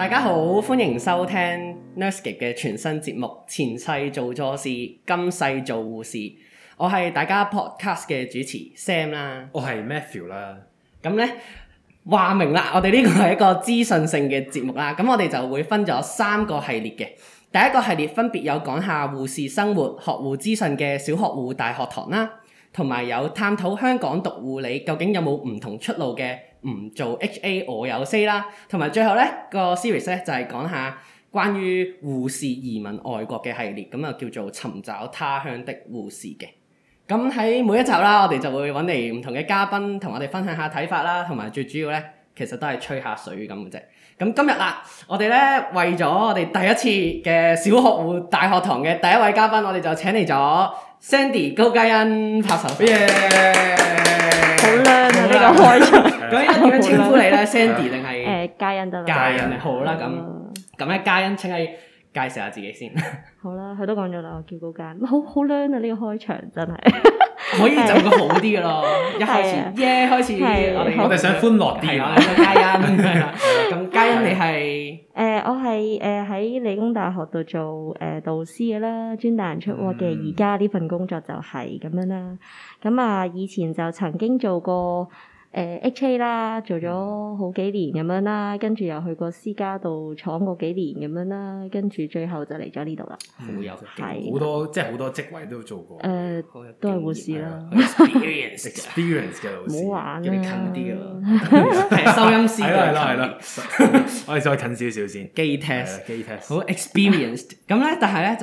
大家好，歡迎收聽 Nursescape 嘅全新節目《前世做錯事，今世做護士》，我係大家 podcast 嘅主持 Sam 啦，我係 Matthew 啦。咁咧話明啦，我哋呢個係一個資訊性嘅節目啦，咁我哋就會分咗三個系列嘅。第一個系列分別有講下護士生活、學護資訊嘅小學護、大學堂啦，同埋有探討香港讀護理究竟有冇唔同出路嘅。唔做 HA 我有 say 啦，同埋最後咧個 series 咧就係講下關於護士移民外國嘅系列，咁啊叫做尋找他鄉的護士嘅。咁喺每一集啦，我哋就會揾嚟唔同嘅嘉賓同我哋分享下睇法啦，同埋最主要咧其實都係吹下水咁嘅啫。咁今日啦，我哋咧為咗我哋第一次嘅小學護大學堂嘅第一位嘉賓，我哋就請嚟咗 Sandy 高嘉恩，拍手好啦。Yeah! 呢咁依家點樣稱呼你咧？Sandy 定係誒嘉欣？得嘉欣， 好啦，咁咁咧，嘉欣請你介紹下自己先。好啦、啊，佢都講咗啦，我叫高嘉，好好 l 啊！呢、這個開場真係。 可以就個好啲嘅咯， 一開始，耶！ 啊、yeah, 開始， 啊、我哋想歡樂啲，我哋想嘉恩咁。嘉恩你係誒，我係誒喺理工大學度做誒、呃、導師嘅啦，專帶人出國嘅。而家呢份工作就係咁樣啦。咁啊，以前就曾經做過。誒，HA 啦，做咗好幾年咁樣啦，跟住又去過私家度闖過幾年咁樣啦，跟住最後就嚟咗呢度啦。冇有有好多，即係好多職位都做過。誒，都係護士啦。Experience experience 嘅老師，唔好玩啦，近啲咯，收音師係咯係咯係咯，我哋再近少少先。Gate test，gate test，好 experienced。咁咧，但係咧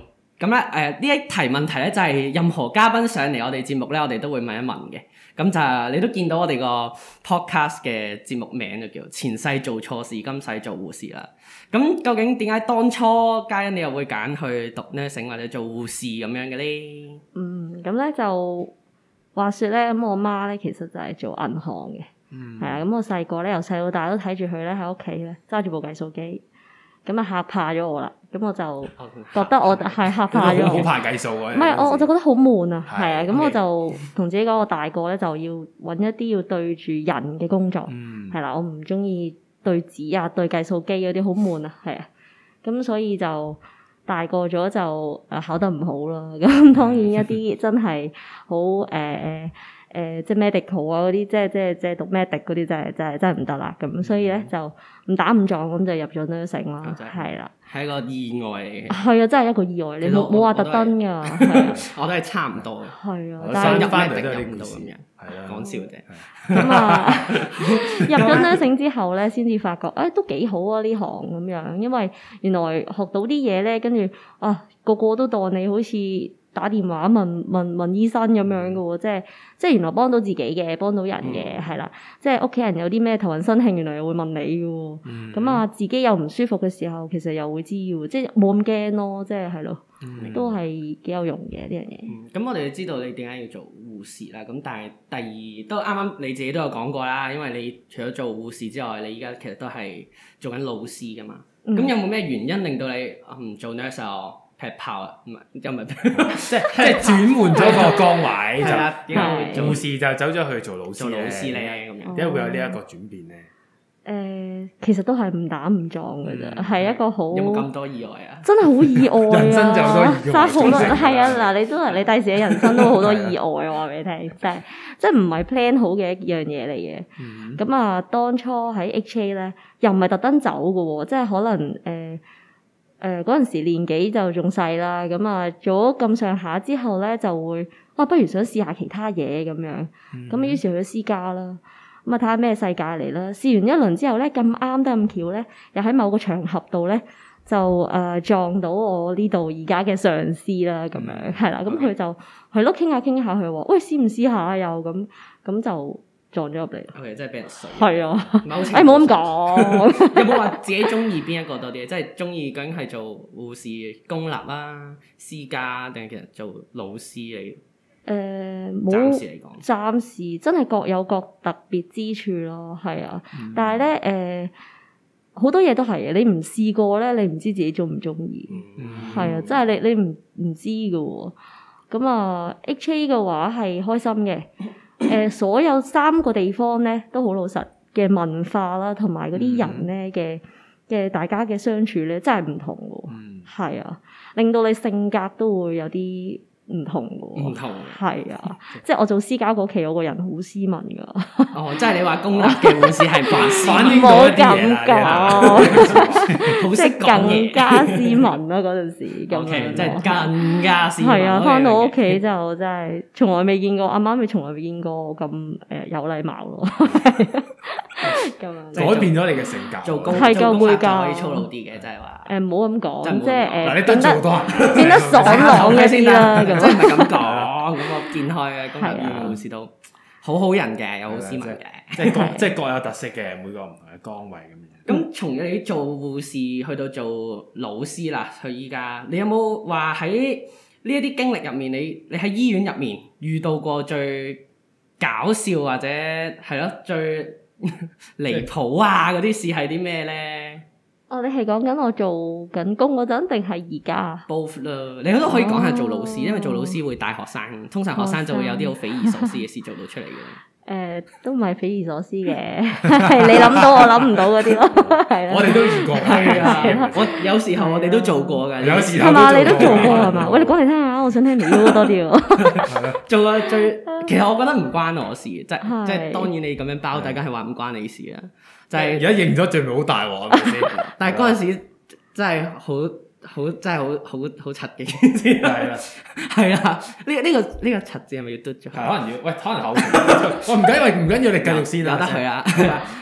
就。咁咧，誒呢、嗯、一題問題咧，就係任何嘉賓上嚟我哋節目咧，我哋都會問一問嘅。咁就你都見到我哋個 podcast 嘅節目名就叫前世做錯事，今世做護士啦。咁究竟點解當初嘉恩你又會揀去讀 nursing 或者做護士咁樣嘅咧？嗯，咁咧就話説咧，咁我媽咧其實就係做銀行嘅，係啊、嗯。咁我細個咧，由細到大都睇住佢咧喺屋企咧揸住部計數機。咁啊嚇怕咗我啦，咁我就覺得我係嚇怕咗。好對怕計數啊！唔係 我我就覺得好悶啊，係啊的，咁的我就同 okay. 自己講，我大個咧就要揾一啲要對住人嘅工作，係啦、嗯，我唔中意對紙啊、對計數機嗰啲好悶啊，係啊，咁所以就大個咗就誒考得唔好啦。咁當然一啲真係好誒。 嗯誒，即係 medical 啊，嗰啲即係即係即係讀 medical 嗰啲，就係真係真係唔得啦。咁所以咧就誤打誤撞咁就入咗 Nursing 咯，係啦，係一個意外嘅。係啊，真係一個意外，你冇冇話特登㗎。我都係差唔多。係啊。但係入咗呢一城度咁樣，係啊，講笑啫。咁啊，入咗 Nursing 之後咧，先至發覺，誒都幾好啊呢行咁樣，因為原來學到啲嘢咧，跟住啊個個都當你好似。打電話問問問醫生咁樣嘅喎、哦，即係即係原來幫到自己嘅，幫到人嘅，係啦、嗯，即係屋企人有啲咩頭暈身興，原來又會問你嘅喎、哦。咁啊、嗯，自己又唔舒服嘅時候，其實又會知喎，即係冇咁驚咯，即係係咯，都係幾有用嘅呢樣嘢。咁、嗯嗯、我哋知道你點解要做護士啦。咁但係第二都啱啱你自己都有講過啦，因為你除咗做護士之外，你依家其實都係做緊老師㗎嘛。咁有冇咩原因令到你唔做 nurse 係跑，唔係又唔係，即係即係轉換咗個崗位就，做事就走咗去做老師？做老師咧咁樣，點解會有呢一個轉變咧？誒，其實都係唔打唔撞噶咋，係一個好，有冇咁多意外啊？真係好意外，人生就多意外，真係好多係啊！嗱，你都係你第時嘅人生都好多意外，我話俾你聽，即係即係唔係 plan 好嘅一樣嘢嚟嘅。咁啊，當初喺 HA 咧，又唔係特登走噶喎，即係可能誒。誒嗰陣時年紀就仲細啦，咁、嗯、啊做咗咁上下之後咧，就會啊不如想試下其他嘢咁樣，咁啊、嗯、於是去咗私家啦，咁啊睇下咩世界嚟啦。試完一輪之後咧，咁啱得咁巧咧，又喺某個場合度咧就誒、呃、撞到我呢度而家嘅上司啦，咁樣係啦，咁佢就係咯，傾下傾下，佢話喂，試唔試下又咁咁就。撞咗入嚟，OK 真係俾人水。係啊，唔 好，唔好咁講。有冇話自己中意邊一個多啲？即係中意，究竟係做護士、公立啦、啊、私家，定係其實做老師嚟？誒、呃，暫時嚟講，暫時真係各有各特別之處咯。係啊，嗯、但係咧，誒、呃，好多嘢都係你唔試過咧，你唔知自己中唔中意。係、嗯、啊，真係你你唔唔知噶。咁啊、呃、，HA 嘅話係開心嘅。誒、呃，所有三個地方咧，都好老實嘅文化啦，同埋嗰啲人咧嘅嘅大家嘅相處咧，真係唔同嘅，係、嗯、啊，令到你性格都會有啲。唔同嘅，唔同，係啊， 即係我做私家嗰期我個人好斯文噶，哦，即係你話公立嘅護士係反反面咗咁啲嘢， 即係更加斯文啦嗰陣時，咁樣，即係更加斯文，係、okay，啊，翻到屋企就真係，從來未見過，阿媽咪從來未見過咁誒、呃、有禮貌咯。 咁啊，改變咗你嘅性格，做工係嘅，每教可以粗魯啲嘅，就係話誒，唔好咁講，即係誒，變得好多人，變得爽朗啲啦，真係咁講。咁我見開嘅公立醫院護士都好好人嘅，又好斯文嘅，即係即係各有特色嘅，每個唔同嘅崗位咁樣。咁從你做護士去到做老師啦，去依家，你有冇話喺呢一啲經歷入面，你你喺醫院入面遇到過最搞笑或者係咯最？離譜 啊！嗰啲事係啲咩咧？哦、oh，你係講緊我做緊工嗰陣，定係而家？Both 啦，你都可以講下做老師，oh。因為做老師會帶學生，通常學生就會有啲好匪夷所思嘅事做到出嚟嘅。 誒，都唔係匪夷所思嘅，係你諗到我諗唔到嗰啲咯。我哋都遇過嘅事，我有時候我哋都做過嘅。係嘛，你都做過係嘛？我哋講嚟聽下，我想聽你多啲。做啊最，其實我覺得唔關我事，即係即係，當然你咁樣包大家係話唔關你事啊。就係而家認咗罪，咪好大鑊，係咪先？但係嗰陣時真係好。好真係好好好柒嘅件事，係啦，係啦，呢呢的、呢個呢、呢個柒字係咪要嘟咗？可能要，喂，可能好，我唔緊要，唔緊要，你繼續先啦，得佢啦。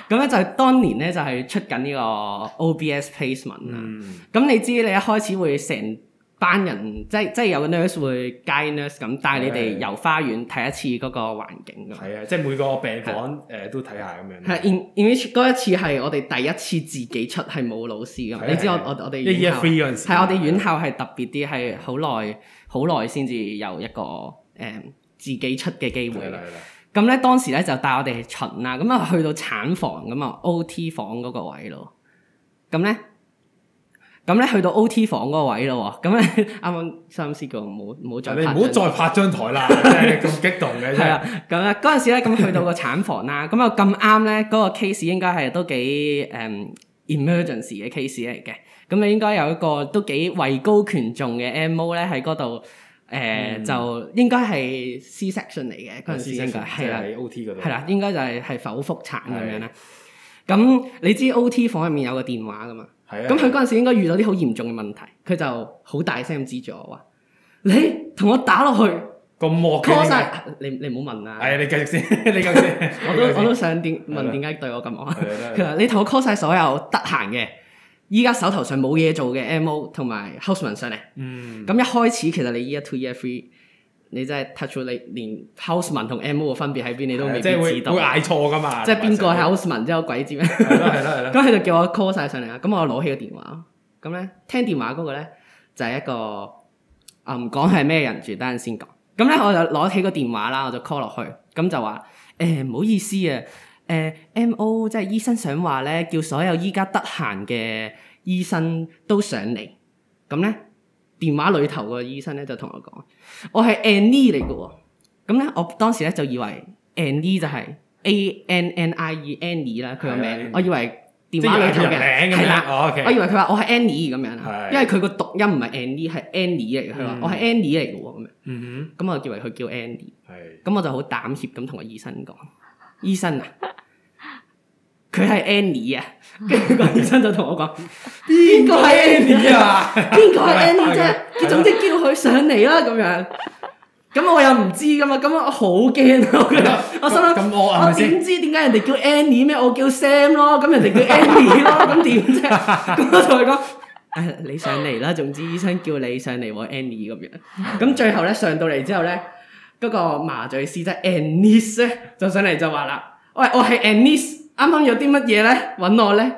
咁咧的的 就當年咧就係、是、出緊呢個 OBS placement 啦。咁、嗯、你知你一開始會成。班人即係即係有個 nurse 會 guide nurse 咁帶你哋遊花園睇一次嗰個環境咁。係啊的，即係每個病房誒的、呃、都睇下咁樣。係，in in 嗰一次係我哋第一次自己出，係冇老師嘅。係的你知我的我哋。一我哋院校係特別啲，係好耐好耐先至有一個誒、呃、自己出嘅機會。係啦，咁咧，當時咧，就帶我哋去巡啦，咁啊,去到產房，咁啊 OT 房嗰個位咯。咁咧。咁咧去到 O T 房嗰個位咯喎，咁咧啱啱心思過，唔好唔好再拍。你唔好再拍張台啦，咁 激動嘅。係啊，咁咧嗰陣時咧咁去到 剛剛個產房啦，咁啊咁啱咧嗰個 case 應該係都幾誒 emergency 嘅 case 嚟嘅，咁你應該有一個都幾位高權重嘅 MO 咧喺嗰度，誒、呃嗯、就應該係 C section 嚟嘅嗰陣時應該，係啦 O T 嗰度，係啦應該就係係剖腹產咁樣啦。咁對你知 O T 房入面有個電話噶嘛？咁佢嗰陣時應該遇到啲好嚴重嘅問題，佢就好大聲咁指住我話：你同我打落去，咁惡嘅！你你唔好問啊！係啊，你繼續先，你繼續先。我都我都想點問點解對我咁惡？佢話：你同我 call 晒所有得閒嘅，依家手頭上冇嘢做嘅 MO 同埋 houseman 上嚟。嗯。咁一開始其實你 year two year three。你真係 touch 到你，連 Houseman 同 M O 嘅分別喺邊，你都未必會知道。會嗌錯噶嘛？即係邊個 Houseman 即係有鬼知咩？係啦係啦係啦。咁佢 就叫我 call 晒上嚟啦。咁我攞起個電話，咁咧聽電話嗰個咧就係、是、一個啊，唔講係咩人住，等陣先講。咁咧我就攞起個電話啦，我就 call 落去。咁就話誒唔、欸、好意思啊，誒、欸、M O 即係醫生想話咧，叫所有依家得閒嘅醫生都上嚟。咁咧。電話裏頭個醫生咧就同我講，我係 Annie 嚟嘅喎、啊，咁咧我當時咧就以為 Annie 就係 A N N I E Annie 啦，佢個名，的我以為電話裏頭嘅名係啦，的哦 okay、我以為佢話我係 Annie 咁樣，的因為佢個讀音唔係 Annie 係 Annie 嘅，佢話的我係 Annie 嚟嘅喎、啊、咁樣，咁、嗯、我就以為佢叫 Annie，咁的我就好膽怯咁同個醫生講，醫生啊。 佢係 Annie 啊，An nie，跟住個醫生就同我講：邊個係 Annie 啊？邊個係 Annie 啫？佢總之叫佢上嚟啦咁樣。咁我又唔知㗎嘛，咁我好驚咯！我心諗，嗯嗯嗯、我點知點解人哋叫 Annie 咩？我叫 Sam 咯，咁人哋叫 Annie 咯，咁點啫？咁我同佢講：誒，你上嚟啦！總之醫生叫你上嚟，我 Annie 咁樣。咁最後咧，上到嚟之後咧，嗰、那個麻醉師即係 Annie 咧，就上嚟就話啦：喂，我係 Annie。啱啱有啲乜嘢咧？揾我咧，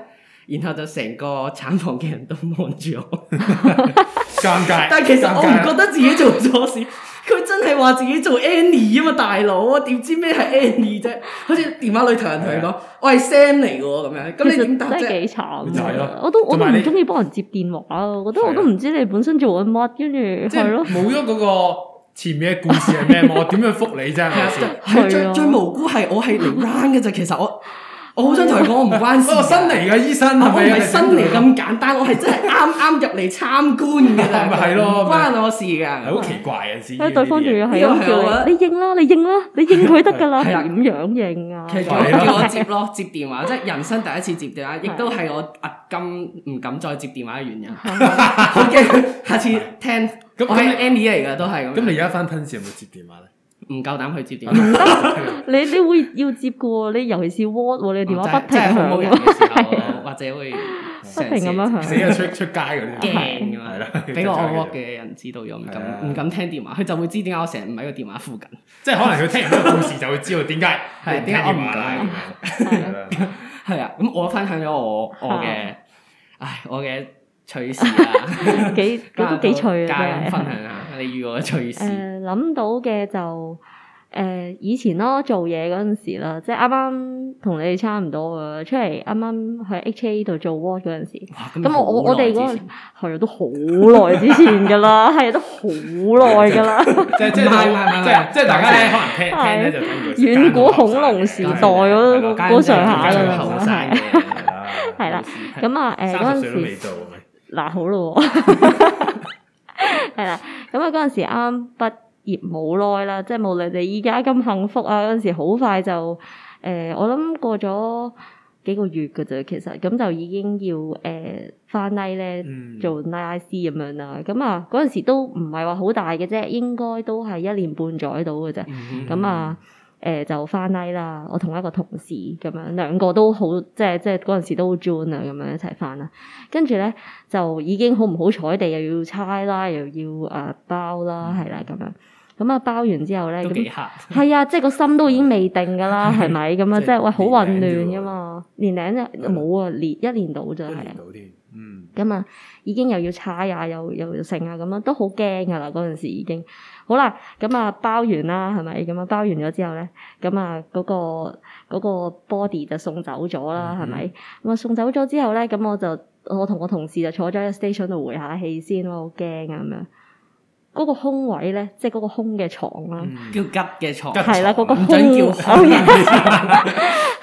然後就成個產房嘅人都望住我，尷尬。但係其實我唔覺得自己做錯事，佢真係話自己做 Annie 啊嘛，大佬啊，點知咩係 Annie 啫？好似電話裡頭人同佢講，我係 Sam 嚟嘅咁樣。咁你點答得？真係幾慘，我都我唔中意幫人接電話啊，我覺得我都唔知你本身做緊乜，跟住係咯。冇咗嗰個前面嘅故事係咩？我點樣覆你啫？係最最無辜係我係嚟 run 嘅啫，其實我。我好想同佢講，我唔關事。新嚟嘅醫生係咪？我唔係新嚟咁簡單，我係真係啱啱入嚟參觀嘅咋。咁咪係咯，唔關我事㗎。好奇怪啊，知唔知？對方仲要係咁叫你，你應啦，你應啦，你應佢得㗎啦。點樣應啊？其實叫我接咯，接電話，即係人生第一次接電話，亦都係我壓金唔敢再接電話嘅原因。好驚！下次聽我係 Amy 嚟㗎，都係咁。咁你而家返有冇接電話咧？唔夠膽去接電話，你你會要接嘅喎，你尤其是 WhatsApp 喎，你電話不停，冇人嘅時候或者會不停咁樣，死啊，出出街嗰啲驚啊嘛，俾個 WhatsApp 嘅人知道又唔敢唔敢聽電話，佢就會知點解我成日唔喺個電話附近，即係可能佢聽完個故事就會知道點解你聽電話啦咁樣。係啊，咁我分享咗我我嘅，唉，我嘅趣事啊，幾幾多幾趣啊，分享下。你如果隨意，誒諗到嘅就誒以前咯，做嘢嗰陣時啦，即係啱啱同你哋差唔多㗎，出嚟啱啱去 HA 度做 work 嗰陣時。哇！咁我我哋嗰個係都好耐之前㗎啦，係都好耐㗎啦。即係即係即係即係大家可能聽咧遠古恐龍時代嗰嗰上下啦，係啦。咁啊誒嗰陣時嗱好啦。係啦，咁啊嗰陣時啱畢業冇耐啦，即係無論你依家咁幸福啊，嗰、那、陣、個、時好快就誒、呃，我諗過咗幾個月嘅咋。其實咁就已經要誒翻 n i 咧做 n i I C 咁樣啦，咁啊嗰陣時都唔係話好大嘅啫，應該都係一年半載到嘅咋。咁、那、啊、個，誒、呃、就返啦，我同一個同事咁樣兩個都好，即係即係嗰陣時都好 join 啊，咁樣一齊返啦。跟住咧就已經好唔好彩地又要拆啦，又要誒、呃、包啦，係啦咁樣。咁啊包完之後咧，都幾黑。係啊，即係個心都已經未定㗎啦，係咪咁啊？即係喂，好混亂㗎嘛，年零啫，冇啊，年一年到就係。咁啊，嗯嗯已經又要踩啊，又又剩啊，咁樣都好驚噶啦！嗰陣時已經好啦，咁啊包完啦，係咪？咁啊包完咗之後咧，咁啊嗰個嗰、嗰個 body 就送走咗啦，係咪？咁啊、嗯嗯、送走咗之後咧，咁我就我同我同事就坐咗喺 station 度回下氣先咯，好驚啊咁樣。是嗰個空位咧，即係嗰個空嘅床啦，叫吉嘅床，係啦，嗰個空叫空，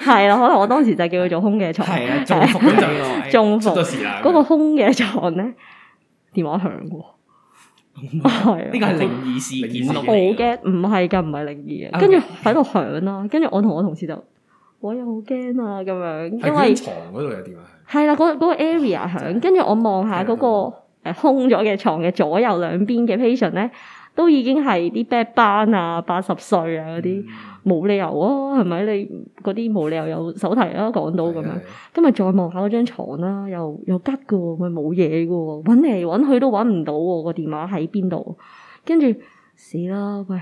係啦，可能我當時就叫佢做空嘅床。係啊，中復咗幾耐，嗰個空嘅床咧，電話響喎，係啊，呢個係靈異事，好驚，唔係㗎，唔係靈異嘅。跟住喺度響啦，跟住我同我同事就，我又好驚啊咁樣，因為床嗰度有電話係，係啦，嗰嗰個 area 響，跟住我望下嗰個。誒空咗嘅床嘅左右兩邊嘅 patient 咧，都已經係啲 bad 班啊，八十歲啊嗰啲冇理由啊，係咪你嗰啲冇理由有手提啦、啊。講到咁樣，嗯、今日再望下嗰張牀啦，又又吉㗎喎，佢冇嘢㗎喎，揾嚟揾去都揾唔到喎、啊，個電話喺邊度？跟住死啦，喂，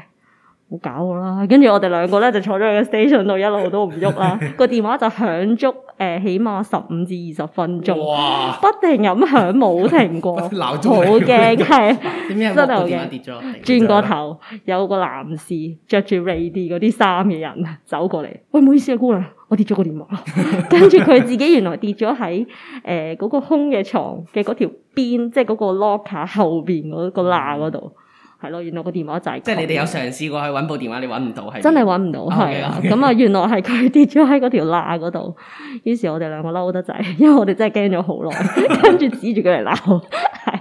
好搞啦！跟住我哋兩個咧就坐咗喺個 station 度一路都唔喐啦，個 電話就響足。誒，起碼十五至二十分鐘，哇不停咁響，冇停過，好驚， 係真係好驚。跌咗跌咗轉過頭 有個男士着住 ready 嗰啲衫嘅人走過嚟，喂，唔好意思啊，姑娘，我跌咗個電話，跟住佢自己原來跌咗喺誒嗰個空嘅床嘅嗰條邊，即係嗰個 locker 後面嗰個罅嗰度。 係咯，原來個電話仔，即係你哋有嘗試過去搵部電話，你搵唔到係？真係搵唔到係啊，咁啊，原來係佢跌咗喺嗰條罅嗰度，於是我哋兩個嬲得滯，因為我哋真係驚咗好耐，跟住 指住佢嚟鬧，係，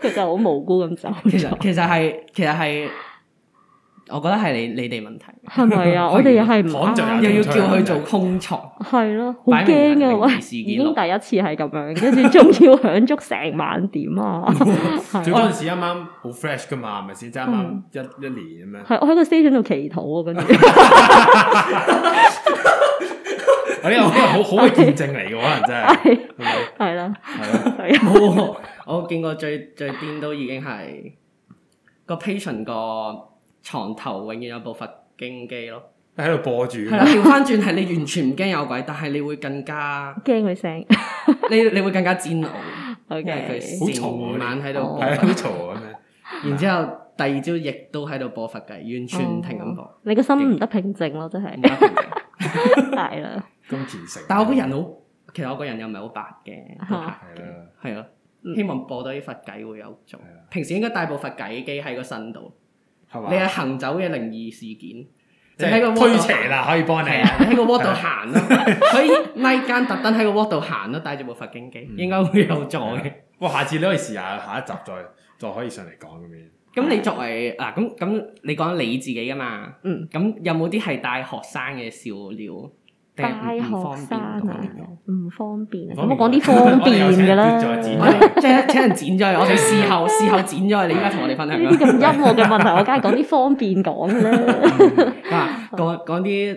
佢就好無辜咁走。 其實其實係其實係。.我覺得係你你哋問題係咪啊？我哋又係唔啊，又要叫佢做空床係咯，好驚啊！我已經第一次係咁樣，跟住仲要享足成晚點啊！嗰陣 時啱啱好 fresh 噶嘛，係咪先？啱啱一一年咩？係我喺個 station 度祈禱啊！跟住，我呢個好好嘅見證嚟嘅，可能真係係啦，係啊，我見過最最癲都已經係個 patient、那個。床頭永遠有部佛經機咯，你喺度播住。係啦，調翻轉係你完全唔驚有鬼，但係你會更加驚佢聲，你你會更加煎熬。好嘅，好嘈，夜晚喺度，係啊，好嘈咁樣。然之後第二朝亦都喺度播佛偈，完全唔停咁播。你個心唔得平靜咯，真係。唔得平靜。大啦。咁虔誠，但係我個人好，其實我個人又唔係好白嘅。係啦，係啊，希望播多啲佛偈會有做。平時應該帶部佛偈機喺個身度。你係行走嘅靈異事件，就喺個推斜啦，可以幫你喺對 個窩度行咯，可以夜間特登喺個窩度行咯，帶住部佛經機，嗯、應該會有座嘅。哇、嗯！下次你可以試下，下一集再再可以上嚟講咁樣。咁 你作為嗱咁咁，啊、你講你自己噶嘛？嗯，咁有冇啲係帶學生嘅笑料？大學生啊，唔方便啊，咁、啊、我講啲方便嘅啦。即係 請人剪咗， 我哋事後事後剪咗。你依家同我哋分享。呢啲咁音樂嘅問題，我梗係講啲方便講啦。嗱、 啊，講啲。講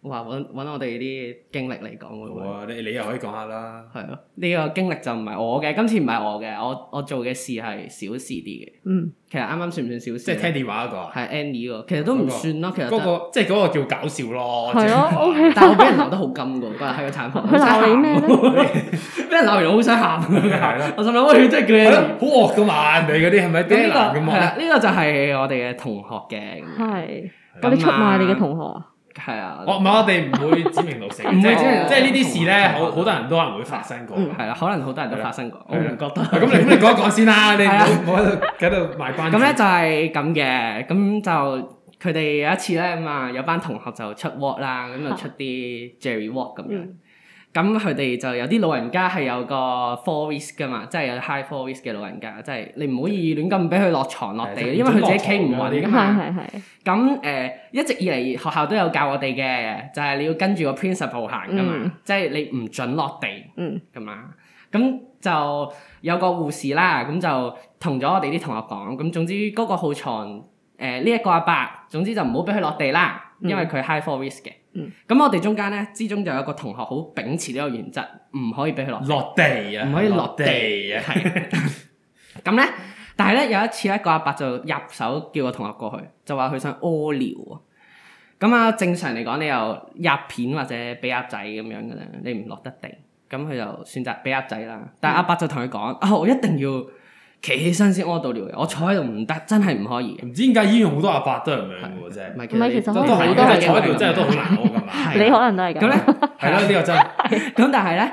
話搵搵我哋啲經歷嚟講會你你又可以講下啦。係咯，呢個經歷就唔係我嘅，今次唔係我嘅，我我做嘅事係小事啲嘅。嗯，其實啱啱算唔算小事？即係聽電話嗰個。係 Annie 個，其實都唔算啦。其實嗰個即係嗰個叫搞笑咯。係咯，OK。但係我俾人鬧得好金個，嗰日喺個產房鬧你咩咧？俾人鬧完好想喊啊！我心諗嗰啲真係叫你好惡噶嘛，人哋嗰啲係咪？呢個係啦，呢個就係我哋嘅同學嘅。係，我哋出賣你嘅同學啊！係啊，我唔係，我哋唔會指名道姓，唔係即係即係呢啲事咧，好好多人都可能會發生過，係啊，可能好多人都發生過，我唔覺得。咁你咁你講一講先啦，你唔好喺度喺度賣關子。咁咧就係咁嘅，咁就佢哋有一次咧咁啊，有班同學就出 walk 啦，咁就出啲 Jerry walk 咁樣。咁佢哋就有啲老人家係有個 fall risk 噶嘛，即係有 high fall risk 嘅老人家，即係你唔可以亂咁俾佢落床落地，對因為佢自己企唔穩噶嘛。咁誒、嗯呃、一直以嚟學校都有教我哋嘅，就係、是、你要跟住個 principal 行噶嘛，嗯、即係你唔準落地嘅嘛。咁、嗯、就有個護士啦，咁就同咗我哋啲同學講，咁總之嗰個號床，誒呢一個阿伯，總之就唔好俾佢落地啦，因為佢 high fall risk 嘅。咁、嗯、我哋中間咧之中就有一個同學好秉持呢個原則，唔可以俾佢落地，唔、啊、可以落地，落地啊。係咁咧，但係咧有一次，一個阿伯就入手叫個同學過去，就話佢想屙尿啊。咁啊，正常嚟講，你又入片或者俾鴨仔咁樣嘅啦，你唔落得地，咁佢就選擇俾鴨仔啦。但係阿伯就同佢講，啊、嗯哦，我一定要。企起身先屙到尿嘅。我坐喺度唔得，真係唔可以嘅。唔知點解醫院好多阿伯都係咁樣嘅喎，真係。唔係其實都係嘅，坐喺度真係都好難屙噶嘛。你可能都係咁。咁咧，係咯呢個真。咁但係咧，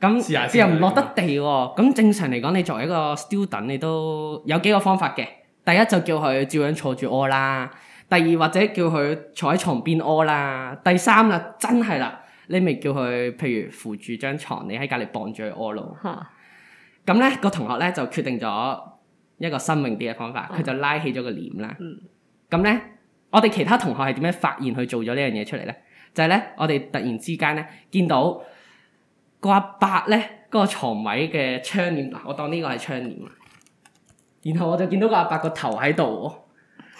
咁佢又唔落得地喎。咁正常嚟講，你作為一個 student，你都有幾個方法嘅。第一就叫佢照樣坐住屙啦。第二或者叫佢坐喺床邊屙啦。第三啦，真係啦，你咪叫佢譬如扶住張床，你喺隔籬綁住佢屙咯。咁咧，個同學咧就決定咗一個新穎啲嘅方法，佢就拉起咗個簾啦。咁咧，我哋其他同學係點樣發現佢做咗呢樣嘢出嚟咧？就係咧，我哋突然之間咧見到個阿伯咧，嗰個牀位嘅窗簾，我當呢個係窗簾。然後我就見到個阿伯個頭喺度，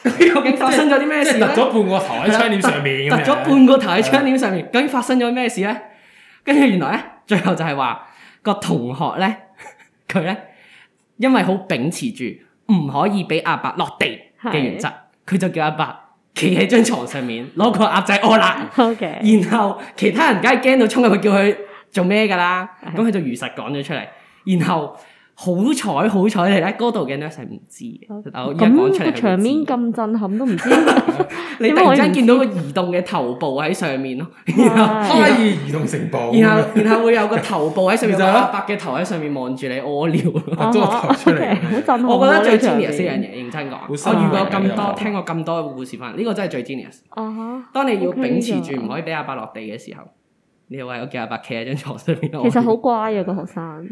究 竟發生咗啲咩事咧？突咗 半個頭喺窗簾上面， 突咗半個頭喺窗簾上面，究竟發生咗咩事咧？跟住原來咧，最後就係話個同學咧。佢咧，因為好秉持住唔可以俾阿伯落地嘅原則，佢是就叫阿伯企喺張床上面攞個鴨仔屙喇。OK，然後其他人梗係驚到衝入去叫佢做咩㗎啦，咁佢就如實講咗出嚟，然後。好彩好彩嚟啦，嗰度嘅人都一齊唔知嘅，但係我講出嚟唔知。咁個場面咁震撼都唔知。你突然間見到個移動嘅頭部喺上面咯，可以移動成部。然後然後會有個頭部喺上面就阿伯嘅頭喺上面望住你，屙尿。個頭出嚟，好震撼。我覺得最 genius 呢樣嘢，認真講。我遇過咁多，聽過咁多嘅故事翻，呢個真係最 genius。啊當你要秉持住唔可以俾阿伯落地嘅時候。你話我幾阿伯企喺張床上面，其實好乖啊個學生，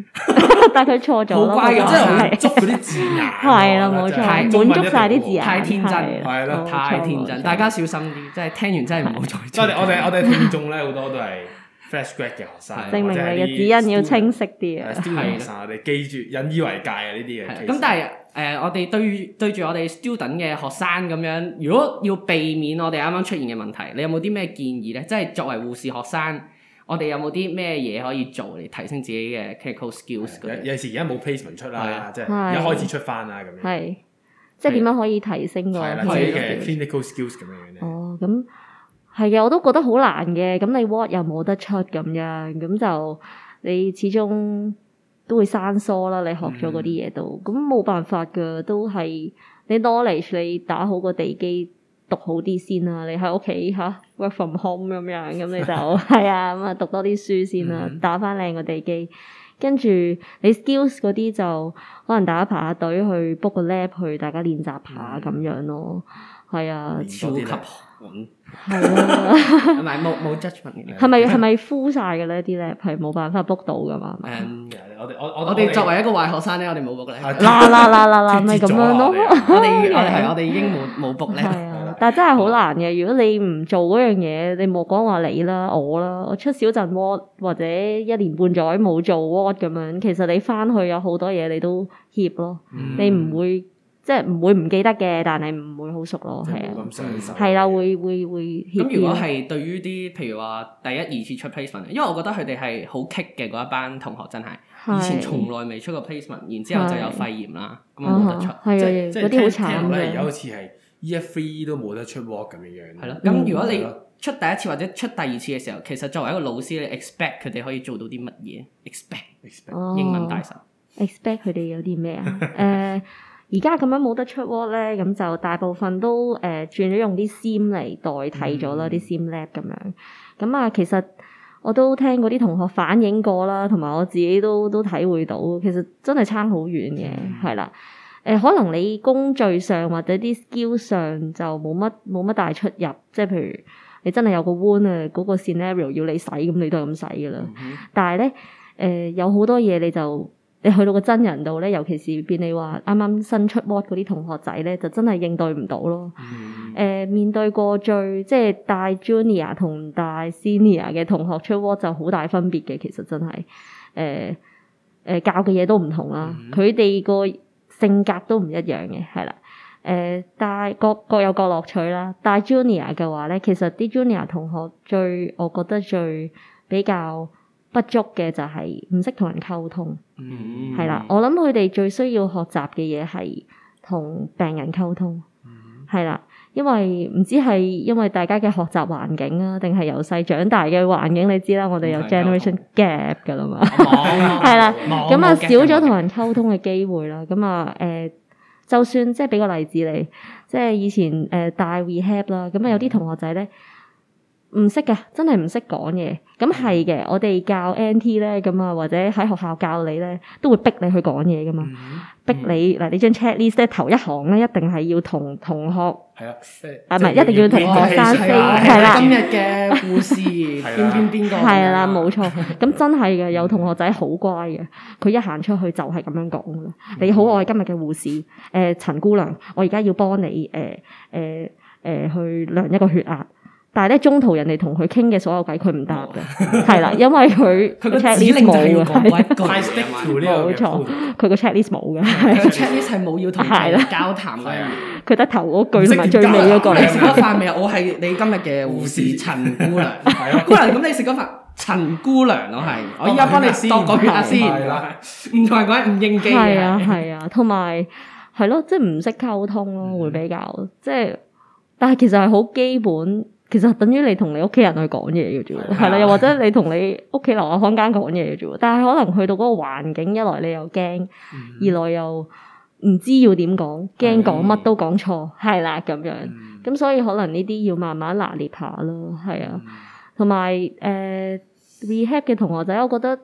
但係佢錯咗好乖嘅，真係捉嗰啲字眼。係啦，冇錯，太滿足晒啲字眼，太天真係咯，太天真，大家小心啲，即係聽完真係唔好再。我哋我哋我哋聽眾咧好多都係 fresh grad 嘅學生，證明你嘅指引要清晰啲啊係我哋記住引以為戒啊呢啲嘢。咁但係誒，我哋對對住我哋 student 嘅學生咁樣，如果要避免我哋啱啱出現嘅問題，你有冇啲咩建議咧？即係作為護士學生。我哋有冇啲咩嘢可以做嚟提升自己嘅 clinical skills 嗰有有時而家冇 placement 出啦，對即係一開始出返啊咁樣。係，即係點樣可以提升自己嘅 clinical skills 咁樣哦，咁係嘅，我都覺得好難嘅。咁你 work 又冇得出咁樣，咁就你始終都會生疏啦。你學咗嗰啲嘢都，咁冇、嗯、辦法㗎，都係你 knowledge 你打好個地基。讀好啲先啦，你喺屋企吓 work from home 咁樣，咁你就係啊咁啊，讀多啲書先啦，打返靚個地基，跟住你 skills 嗰啲就可能大家排下隊去 book 個 lab 去，大家練習下咁樣咯。係啊，超級揾係啊，係咪冇冇 judgment 嘅，係咪係咪 full 晒嘅呢啲 lab 係冇辦法 book 到嘅嘛？誒，我哋我我哋作為一個壞學生咧，我哋冇 book 咧，啦啦啦啦啦，咪咁樣咯。我哋我哋係我哋已經冇冇 book 咧。但真係好難嘅，如果你唔做嗰樣嘢，你冇講話你啦，我啦，我出小陣 work 或者一年半載冇做 work 咁樣，其實你翻去有好多嘢你都怯咯，你唔會即係唔會唔記得嘅，但係唔會好熟咯，係啊，係啦，會會會。咁如果係對於啲譬如話第一二次出 placement，因為我覺得佢哋係好 kick 嘅嗰一班同學，真係以前從來未出過 placement，然之後就有肺炎啦，咁啊冇得出，即係即係嗰啲好慘有一次係。E.F. 三都冇得出 ward 咁嘅樣，係咯。咁如果你出第一次或者出第二次嘅時候，其實作為一個老師，你 expect 佢哋可以做到啲乜嘢？expect，expect，英文大神。Oh, expect 佢哋有啲咩啊？誒、 呃，而家咁樣冇得出 ward 咧，咁就大部分都誒、呃、轉咗用啲 Sim 嚟代替咗啦，啲 Sim Lab 咁樣。咁啊，其實我都聽過啲同學反映過啦，同埋我自己都都體會到，其實真係差好遠嘅，係啦、mm。Hmm. 誒、呃，可能你工序上或者啲 skill 上就冇乜冇乜大出入，即係譬如你真係有個 wound 啊，嗰、那個 scenario 要你使，咁你都係咁使噶啦。嗯、哼但係咧，誒、呃，有好多嘢你就你去到個真人度咧，尤其是變你話啱啱新出 ward 嗰啲同學仔咧，就真係應對唔到咯。誒、嗯哼呃，面對過最即係大 junior 同大 senior 嘅同學出 ward 就好大分別嘅，其實真係，誒、呃，誒、呃，教嘅嘢都唔同啦，佢哋個，性格都唔一樣嘅，係啦，誒、呃，但係各各有各樂趣啦。但係 Junior 嘅話咧，其實啲 Junior 同學最，我覺得最比較不足嘅就係唔識同人溝通，係啦、嗯。我諗佢哋最需要學習嘅嘢係同病人溝通，係啦、嗯。因為唔知係因為大家嘅學習環境啊，定係由細長大嘅環境你知啦，我哋有 generation gap 噶啦嘛，係啦是，咁啊少咗同人溝通嘅機會啦，咁啊，誒、呃，就算即係俾個例子你，即係以前誒、呃、大 rehab 啦，咁啊有啲同學仔咧。嗯唔識噶，真係唔識講嘢。咁係嘅，我哋教 N T 咧，咁啊，或者喺學校教你咧，都會逼你去講嘢噶嘛。逼你嗱，你張 check list 咧頭一行咧，一定係要同同學係啊係一定要同同學分享係啦。今日嘅護士邊邊邊個係啦，冇錯。咁真係嘅，有同學仔好乖嘅，佢一行出去就係咁樣講嘅。你好，我係今日嘅護士，誒陳姑娘，我而家要幫你，誒誒誒去量一個血壓。但係咧，中途人哋同佢傾嘅所有偈，佢唔答嘅。係啦，因為佢佢個指令就係唔同鬼過，冇錯，佢個 checklist 冇嘅，佢 checklist 係冇要同人交談嘅，佢得頭嗰句同埋最尾嗰個。食咗飯未啊？我係你今日嘅護士陳姑娘，姑娘，咁你食咗飯陳姑娘咯係我依家幫你多試下先，唔同人講唔應機嘅，係啊係啊，同埋係咯即係唔識溝通咯會比較即係，但係其實係好基本。其實等於你同你屋企人去講嘢嘅啫，係啦的，又或者你同你屋企樓下空間講嘢嘅啫。 但係可能去到嗰個環境，一來你又驚，嗯、二來又唔知要點講，驚講乜都講錯，係啦咁樣。咁、嗯、所以可能呢啲要慢慢拿捏下咯，係啊。同埋誒 rehab 嘅同學仔，我覺得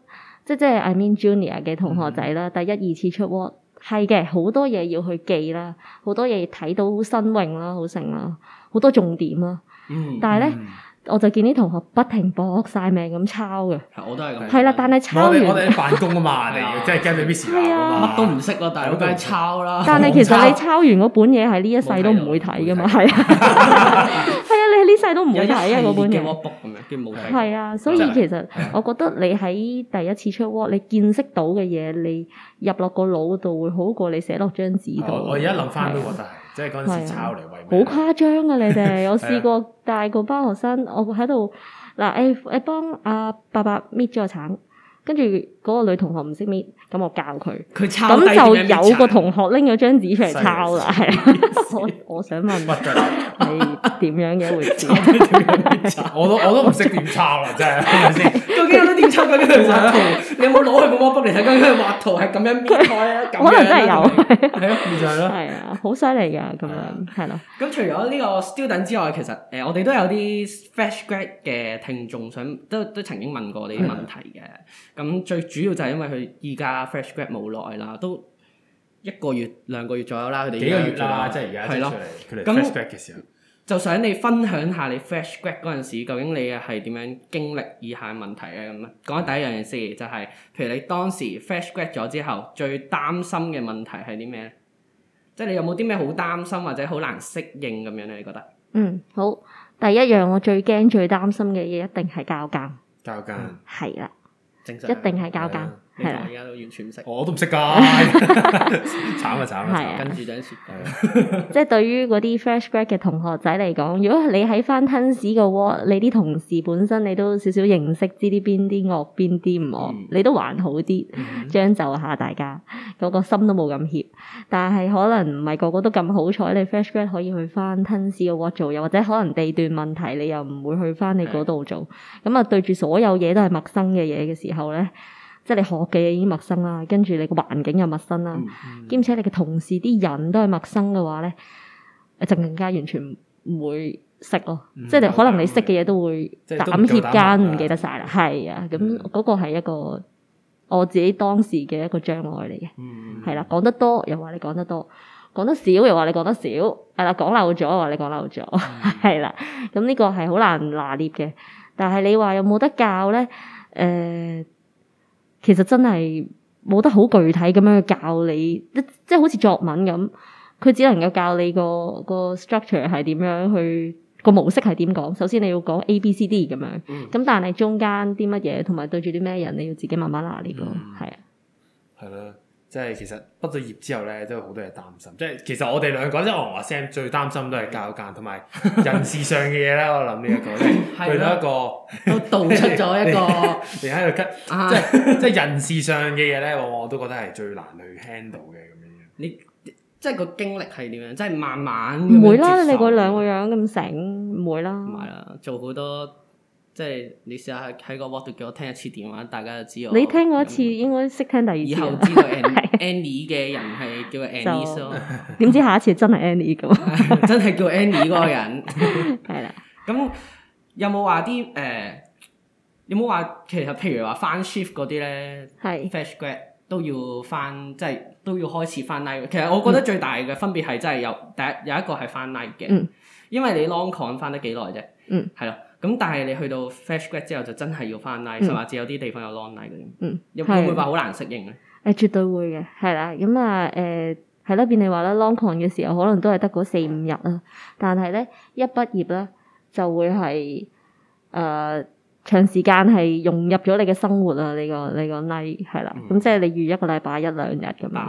即係即係 I mean junior 嘅同學仔啦，嗯、第一二次出 ward 係嘅，好多嘢要去記啦，好多嘢睇到新穎啦，好成啦，好多重點啦。但係咧，我就見啲同學不停搏晒命咁抄嘅，係我都係咁，係啦。但係抄完，我哋我哋辦公啊嘛，你嘅，即係驚你 miss 考啊，乜都唔識咯。但係好梗係抄啦。但係其實你抄完嗰本嘢喺呢一世都唔會睇噶嘛，係啊，係啊，你呢世都唔會睇啊嗰本嘢。叫係啊，所以其實我覺得你喺第一次出 ward，你見識到嘅嘢，你入落個腦度會好過你寫落張紙度。我而家諗翻都覺得即係嗰陣時抄嚟。 好誇張啊！你哋，我試過帶個班學生，我喺度嗱，誒誒幫阿伯伯搣咗個橙。跟住嗰個女同學唔識搣，咁我教佢。佢抄咁就有個同學拎咗張紙出嚟抄啦。所以我想問你點樣嘅一回事？我都我都唔識點抄啦，真係係咪先？究竟都得點抄嘅呢度？你有冇攞佢個魔筆嚟睇？跟住畫圖係咁樣搣開啊，咁樣可能真係有係咯？係啊，好犀利㗎咁樣係咯。咁除咗呢個 student 之外，其實誒我哋都有啲 fresh grad 嘅聽眾想都都曾經問過啲問題嘅。咁、嗯、最主要就係因為佢依家 fresh grad 冇耐啦，都一個月兩個月左右啦。佢哋幾個月啦，即係而家即係。係咯，咁就想你分享下你 fresh grad 嗰陣時，究竟你係點樣經歷以下問題嘅咁咧？講第一樣嘢先，就係、嗯、譬如你當時 fresh grad 咗之後，最擔心嘅問題係啲咩咧？即係你有冇啲咩好擔心或者好難適應咁樣咧？你覺得？嗯，好。第一樣我最驚最擔心嘅嘢一定係交更。交更係啦。嗯一定係教教。係啦，而家都完全唔識，我都唔識㗎，慘 是啊慘！是啊跟住就蝕底。即係對於嗰啲 fresh grad 嘅同學仔嚟講，如果你喺翻 tennis 個 ward，你啲同事本身你都少少認識，知啲邊啲惡邊啲唔惡，嗯、你都還好啲，將就下大家，個個心都冇咁怯。但係可能唔係個個都咁好彩，你 fresh grad 可以去翻 tennis 個 ward 做，又或者可能地段問題，你又唔會去翻你嗰度做。咁是啊，對住所有嘢都係陌生嘅嘢嘅時候咧。即係你學嘅嘢已經陌生啦，跟住你個環境又陌生啦，兼、嗯嗯、且你嘅同事啲人都係陌生嘅話咧，就更加完全唔會識咯。嗯、即係可能你識嘅嘢都會膽怯間唔、啊、記得晒啦。係啊，咁嗰個係一個我自己當時嘅一個障礙嚟嘅。係啦、嗯，講、嗯、得多又話你講得多，講得少又話你講得少，係啦，講漏咗又話你講漏咗，係啦、嗯。咁呢 個係好難拿捏嘅。但係你話有冇得教咧？誒、呃。呃其實真係冇得好具體咁樣去教你，即係好似作文咁，佢只能夠教你個個 structure 係點樣去，去個模式係點講。首先你要講 A B C D 咁樣，咁、嗯、但係中間啲乜嘢，同埋對住啲咩人，你要自己慢慢拿呢個係啊，係啦。即係其實畢咗業之後咧，都有好多嘢擔心。即係其實我哋兩個即係我同 Sam 最擔心都係教間同埋人事上嘅嘢啦。我諗呢一個，去到一個 都道出咗一個。你喺度跟即係即係人事上嘅嘢咧，我我都覺得係最難去 handle 嘅咁樣。你即係個經歷係點樣？即係慢慢。唔會啦，你嗰兩個樣咁醒，唔會啦。唔係啊，做好多。即係你試下喺個 WhatsApp 叫我聽一次電話，大家就知我。你聽過一次應該識聽第二次。以後知道 Annie, Annie 嘅人係叫 Annie 咯 點知下一次真係 Annie 咁，真係叫 Annie 嗰個人。係 對啦有有。咁有冇話啲誒？有冇話其實譬如話翻 shift 嗰啲咧？Fresh grad 都要翻，即係都要開始翻 night 其實我覺得最大嘅分別係真係有第一、嗯、有一個係翻 night 嘅，嗯、因為你 long con 翻得幾耐啫。嗯，係咯。咁但係你去到 fresh grad 之後就真係要翻 night，甚至有啲地方有 long night 嗰啲，有冇、嗯、會話好難適應咧？誒，絕對會嘅，係啦，咁啊誒，係、呃、啦，變你話啦，long con 嘅時候可能都係得嗰四五日啦，但係咧一畢業咧就會係誒。呃長時間係融入咗你嘅生活啊！呢個呢個 niche 係啦，咁、like, 嗯、即係你預一個禮拜一兩日咁啊，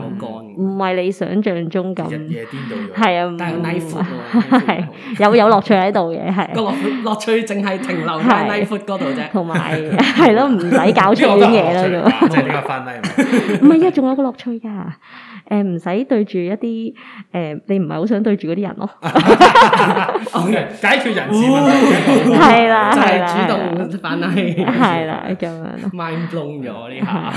唔係你想象中咁，係啊，的但係 l i 有有樂趣喺度嘅，係個樂趣淨係停留喺 lie 闊嗰度啫，同埋係咯，唔使搞啲嘢啦咁。唔係啊，仲 有個樂趣噶。誒唔使對住一啲誒、呃，你唔係好想對住嗰啲人咯。 okay, 解決人事問題係，哦、 啦，主動啦，反係係啦咁樣。Mind blown 咗呢下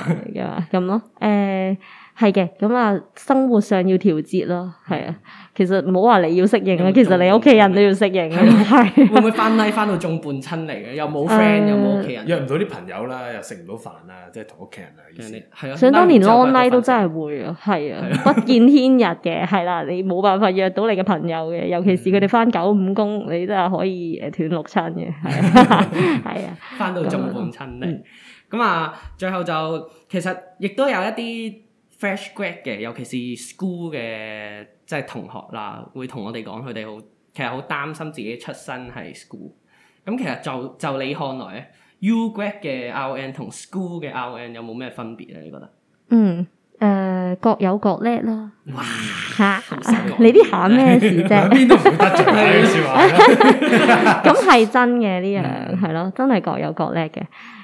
咁咯，誒、嗯。 係嘅，咁啊，生活上要調節咯，係啊。其實唔好話你要適應啊，其實你屋企人都要適應啊。係會唔會 online 翻到眾叛親離嘅？又冇 friend，又冇屋企人，約唔到啲朋友啦，又食唔到飯啊，即係同屋企人啊，意思，想當年 online 都真係會啊，係啊，不見天日嘅，係啦，你冇辦法約到你嘅朋友嘅，尤其是佢哋翻九五工，你真係可以誒斷六親嘅，係啊，翻到眾叛親離。咁啊，最後就其實亦都有一啲。fresh grad 嘅，尤其是 school 嘅即係同學啦，會同我哋講佢哋好，其實好擔心自己出身係 school。咁其實就就你看來咧，U grad 嘅 RN 同 school 嘅 RN 有冇咩分別咧？你覺得？嗯。誒，各有各叻啦！哇吓，你啲下咩事啫？咁係真嘅，呢樣係咯，真係各有各叻嘅。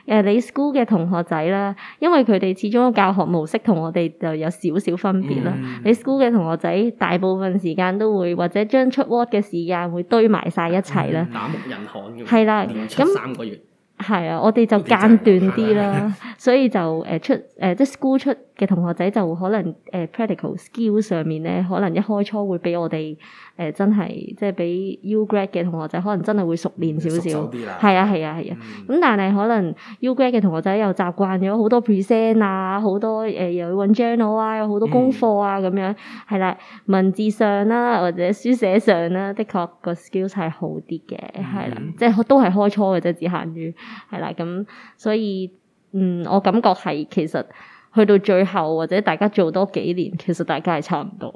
誒，你 school 嘅同學仔啦，因為佢哋始終教學模式同我哋就有少少分別啦。你 school 嘅同學仔大部分時間都會或者將出 work 嘅時間會堆埋晒一齊啦。打木印汗係啦，咁三個月係啊，我哋就間斷啲啦，所以就誒出誒即係 school 出。嘅同學仔就可能誒、呃、practical skills 上面咧，可能一開初會比我哋誒、呃、真係即係比 Ugrad 嘅同學仔可能真係會熟練少少，係啊係啊係啊。咁、啊啊啊嗯、但係可能 Ugrad 嘅同學仔又習慣咗好多 present 啊，好多誒、呃、又要揾 journal 啊，有好多功課啊咁、嗯、樣係啦。文字上啦、啊、或者書寫上啦、啊，的確個 skills 係好啲嘅，係啦，嗯、即係都係開初嘅啫，只限於係啦。咁所以嗯，我感覺係其實。去到最後或者大家做多幾年，其實大家係差唔多，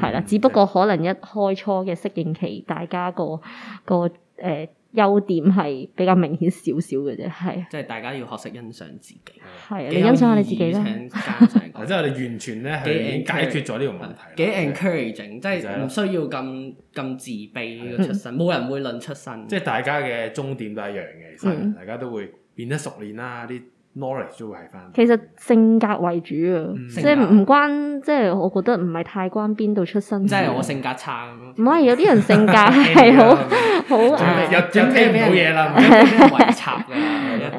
係啦。只不過可能一開初嘅適應期，大家個個誒優點係比較明顯少少嘅啫，係。即係大家要學識欣賞自己，係啊，你欣賞下你自己啦。即係我哋完全咧已經解決咗呢個問題。幾 encouraging，即係唔需要咁咁自卑嘅出身，冇人會論出身。即係大家嘅終點都係一樣嘅，其實大家都會變得熟練啦啲。其實性格為主啊，即係唔關，即係我覺得唔係太關邊度出身。即係我性格差咁咯。唔係有啲人性格係好好。又又聽唔到嘢啦，有啲咩插啦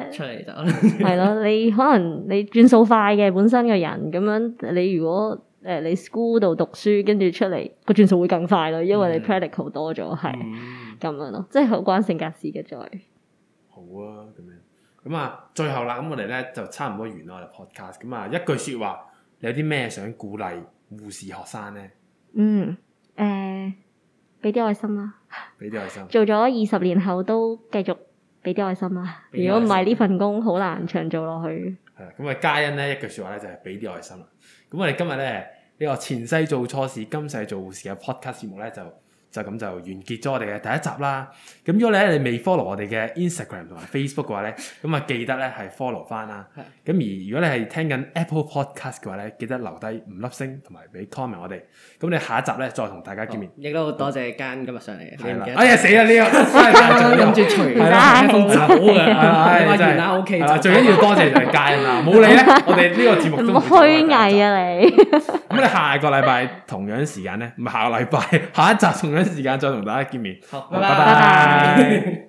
出嚟就。係咯，你可能你轉數快嘅本身嘅人，咁樣你如果誒你 school 度讀書，跟住出嚟個轉數會更快咯，因為你 practical 多咗，係咁樣咯，即係好關性格事嘅再好啊，咁啊，最後啦，咁我哋咧就差唔多完啦，我哋 podcast。咁啊，一句説話，你有啲咩想鼓勵護士學生咧？嗯，誒、呃，俾啲愛心啦、啊，俾啲愛心。做咗二十年後都繼續俾啲愛心啦、啊。如果唔係呢份工好難長做落去。係咁啊，嘉恩咧一句説話咧就係俾啲愛心啦、啊。咁我哋今日咧呢、呢個前世做錯事，今世做護士嘅 podcast 節目咧就。就咁就完結咗我哋嘅第一集啦。咁如果你咧你未 follow 我哋嘅 Instagram 同埋 Facebook 嘅話咧，咁啊記得咧係 follow 翻啦。咁而如果你係聽緊 Apple Podcast 嘅話咧，記得留低五粒星同埋俾 comment 我哋。咁你下一集咧再同大家見面。亦都多謝嘉恩今日上嚟。嘅啦。哎呀死啦呢個，真係大眾諗住除，係啊，好嘅，真係 OK。係啦，最緊要多謝就係嘉恩啦。冇你咧，我哋呢個節目都冇。虛偽啊你！咁你下個禮拜同樣時間咧，唔係下個禮拜下一集同樣。等時間再同大家見面，好，好拜拜。拜拜